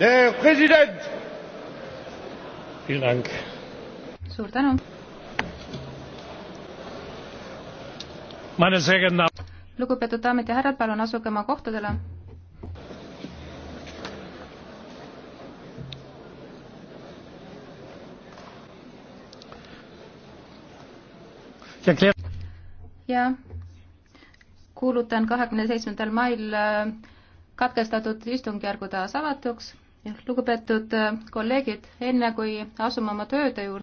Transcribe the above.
Der Präsident! Vielen Dank. Suur tänu. Meine sehr geehrten Damen lugupeetud daamid ja härrad, palun asuge oma kohtadele. ja kuulutan kahekümne seitsmendal mail äh, katkestatud istungjärgu taas avatuks. lugupeetud äh, kolleegid, enne kui asume oma tööde juurde,